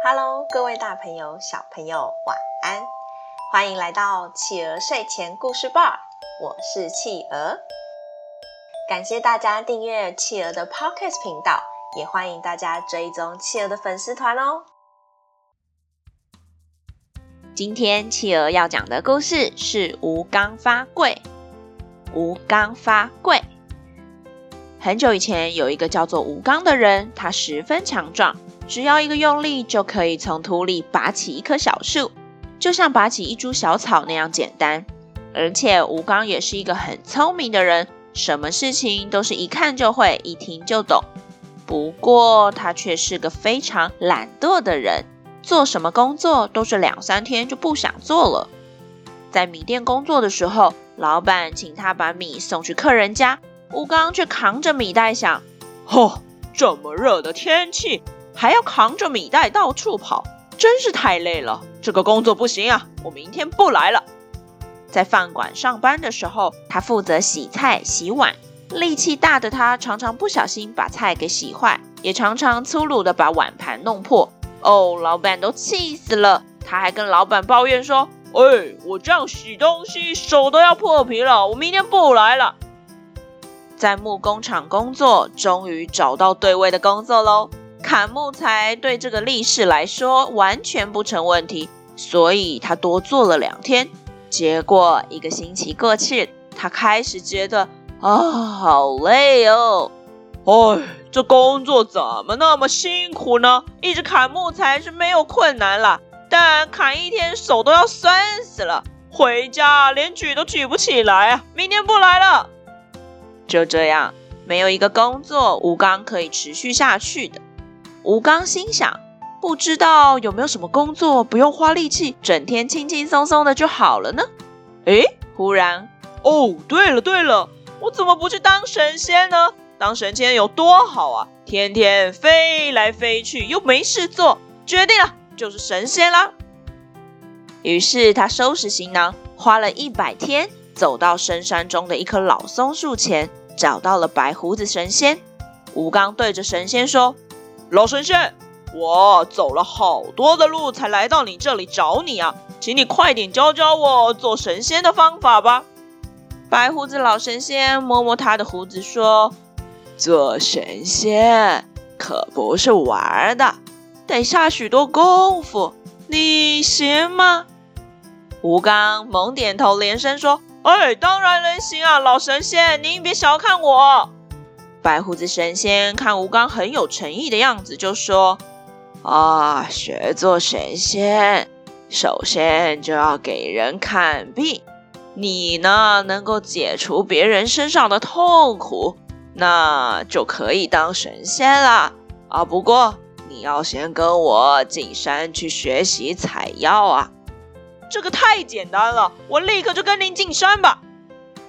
Hello，各位大朋友、小朋友，晚安！歡迎來到企鵝睡前故事吧，我是企鵝。感謝大家訂閱企鵝的 Podcast 頻道，也歡迎大家追蹤企鵝的粉絲團哦。今天企鵝要講的故事是吳剛伐桂。吳剛伐桂。很久以前，有一個叫做吳剛的人，他十分強壯。只要一個用力，就可以從土裡拔起一棵小樹，就像拔起一株小草那樣簡單。而且吳剛也是一個很聰明的人，什麼事情都是一看就會，一聽就懂。不過他卻是個非常懶惰的人，做什麼工作都是兩三天就不想做了。在米店工作的時候，老板請他把米送去客人家，吳剛卻扛着米袋想：呵、哦，這麼熱的天氣。還要扛着米袋到處跑，真是太累了。這個工作不行啊，我明天不來了。在飯館上班的時候，他負責洗菜洗碗，力氣大的他常常不小心把菜給洗壞，也常常粗魯的把碗盤弄破。哦，老板都氣死了。他還跟老板抱怨說：“哎，我這樣洗東西，手都要破皮了，我明天不來了。”在木工廠工作，終於找到對位的工作嘍。砍木材對這個力士來說完全不成問題，所以他多做了兩天。結果一個星期過去，他開始覺得啊、哦，好累哦！哎，這工作怎麼那麼辛苦呢？一直砍木材是沒有困難了，但砍一天手都要酸死了，回家連舉都舉不起來啊！明天不來了。就這樣，沒有一個工作吳剛可以持續下去的。吳剛心想，不知道有沒有什麼工作不用花力氣，整天輕輕鬆鬆的就好了呢？誒，忽然，哦，對了對了，我怎麼不去當神仙呢？當神仙有多好啊！天天飛來飛去又沒事做。決定了，就是神仙啦。於是他收拾行囊，花了一百天走到深山中的一棵老松樹前，找到了白鬍子神仙。吳剛對着神仙說，老神仙，我走了好多的路才來到你這裡找你啊，請你快點教教我做神仙的方法吧。白胡子老神仙摸摸他的鬍子說：“做神仙可不是玩的，得下許多功夫，你行嗎？”吳剛猛點頭，連聲說：“哎，當然能行啊，老神仙，您別小看我。”白鬍子神仙看吳剛很有誠意的樣子，就說：“啊，學做神仙，首先就要給人看病。你呢，能夠解除別人身上的痛苦，那就可以當神仙了。啊，不過你要先跟我進山去學習採藥啊！這個太簡單了，我立刻就跟您進山吧。”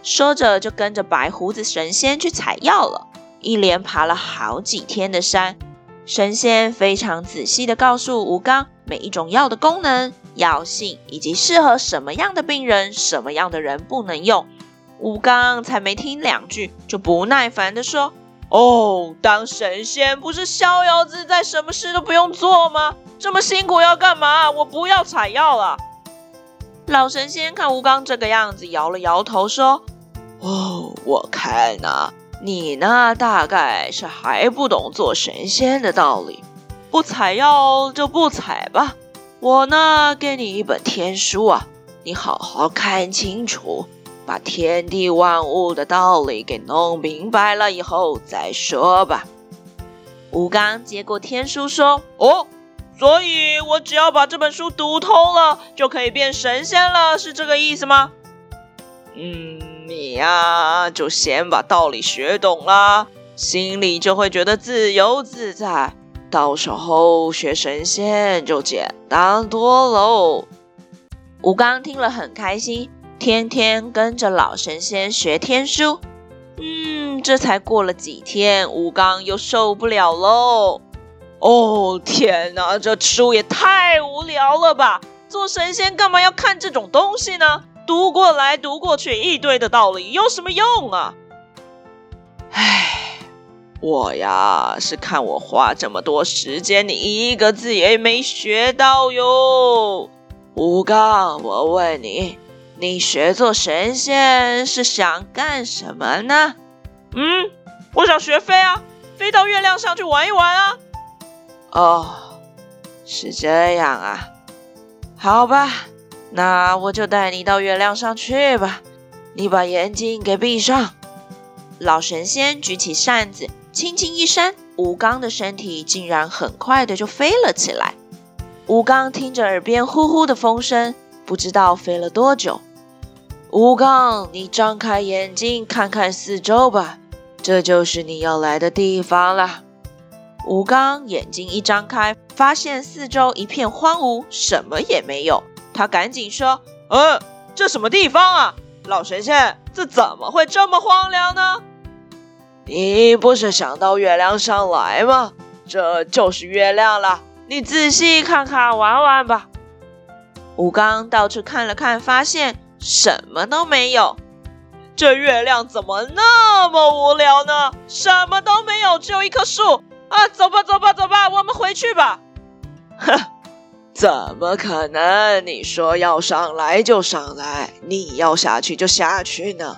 說着就跟着白鬍子神仙去採藥了。一連爬了好幾天的山，神仙非常仔細的告訴吳剛每一種藥的功能、藥性以及適合什麼樣的病人、什麼樣的人不能用。吳剛才沒聽兩句，就不耐煩的說：“哦，當神仙不是逍遙自在，什麼事都不用做嗎？這麼辛苦要幹嘛？我不要採藥啊。”老神仙看吳剛這個樣子，搖了搖頭說：“哦，我看吶。”你呢，大概是還不懂做神仙的道理，不採藥就不採吧。我呢，給你一本天書啊，你好好看清楚，把天地萬物的道理給弄明白了以後再說吧。吳剛接過天書說：“哦，所以我只要把這本書讀通了，就可以變神仙了，是這個意思嗎？”嗯。你呀、啊，就先把道理學懂啦，心裡就會覺得自由自在，到時候學神仙就簡單多嘍。吳剛聽了很開心，天天跟着老神仙學天書。嗯，這才過了幾天，吳剛又受不了嘍。哦，天哪，這書也太無聊了吧！做神仙幹嘛要看這種東西呢？讀過來讀過去，一堆的道理有什麼用啊？哎，我呀，是看我花這麼多時間，你一個字也沒學到喲。吳剛，我問你，你學做神仙是想幹什麼呢？嗯，我想學飛啊，飛到月亮上去玩一玩啊。哦，是這樣啊。好吧，那我就帶你到月亮上去吧。你把眼睛給閉上。老神仙舉起扇子，輕輕一扇，吳剛的身體竟然很快的就飛了起來。吳剛聽着耳邊呼呼的風聲，不知道飛了多久。吳剛，你張開眼睛看看四周吧，這就是你要來的地方了。吳剛眼睛一張開。發現四周一片荒蕪，什麼也沒有。他趕緊說：“呃，這什麼地方啊？老神仙，這怎麼會這麼荒涼呢？”你不是想到月亮上來嗎？這就是月亮了。你仔細看看，玩玩吧。吳剛到處看了看，發現什麼都沒有。這月亮怎麼那麼無聊呢？什麼都沒有，只有一棵樹。啊，走吧，走吧，走吧，我們回去吧。哼，怎麼可能？你說要上來就上來，你要下去就下去呢。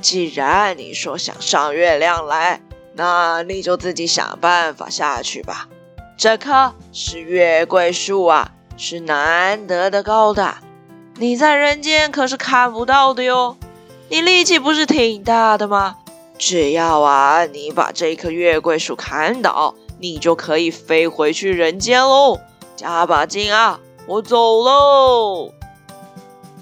既然你說想上月亮來，那你就自己想辦法下去吧。這棵是月桂樹啊，是難得的高大，你在人間可是看不到的喲。你力氣不是挺大的嗎？只要啊，你把這棵月桂樹砍倒，你就可以飛回去人間嘍。加把勁啊！我走嘍。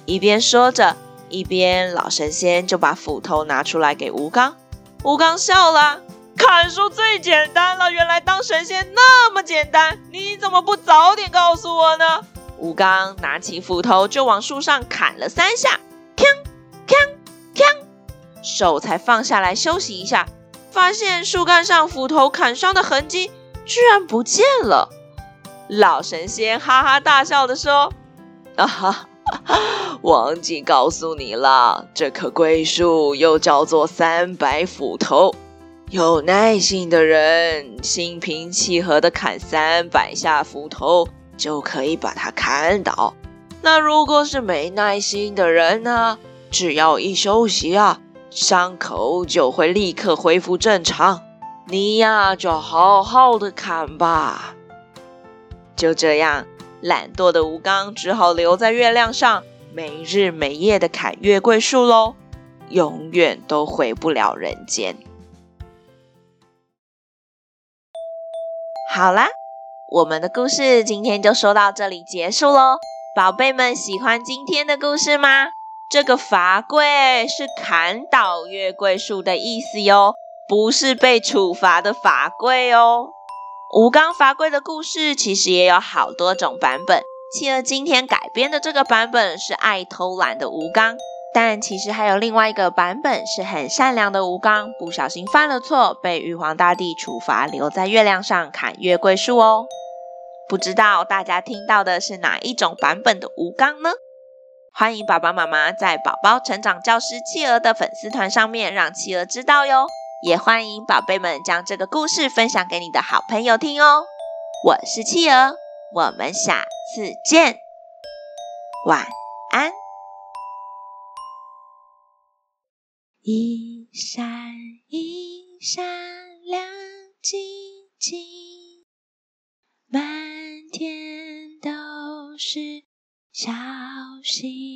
一邊說着，一邊老神仙就把斧頭拿出來給吳剛。吳剛笑了：“砍樹最簡單了，原來當神仙那麼簡單！你怎麼不早點告訴我呢？”吳剛拿起斧頭就往樹上砍了三下，鏘鏘鏘，手才放下來休息一下，發現樹幹上斧頭砍傷的痕跡居然不見了。老神仙哈哈大笑的說：“啊哈，忘記告訴你了，這棵桂樹又叫做三百斧頭。有耐心的人，心平氣和的砍三百下斧頭，就可以把它砍倒。那如果是沒耐心的人呢？只要一休息啊，傷口就會立刻恢復正常。你呀，就好好的砍吧。”就這樣，懶惰的吳剛只好留在月亮上，沒日沒夜的砍月桂樹嘍，永遠都回不了人間。好啦，我們的故事今天就說到這裡結束嘍。寶貝們喜歡今天的故事嗎？這個伐桂是砍倒月桂樹的意思喲，不是被處罰的伐桂哦。吳剛伐桂的故事其實也有好多種版本，企鵝今天改編的這個版本是愛偷懶的吳剛，但其實還有另外一個版本是很善良的吳剛，不小心犯了錯，被玉皇大帝處罰，留在月亮上砍月桂樹哦。不知道大家聽到的是哪一種版本的吳剛呢？歡迎爸爸媽媽在寶寶成長教師企鵝的粉絲團上面讓企鵝知道喲。也歡迎寶貝們將這個故事分享給你的好朋友聽哦。我是企鵝，我們下次見，晚安。一閃一閃亮晶晶，滿天都是小星星。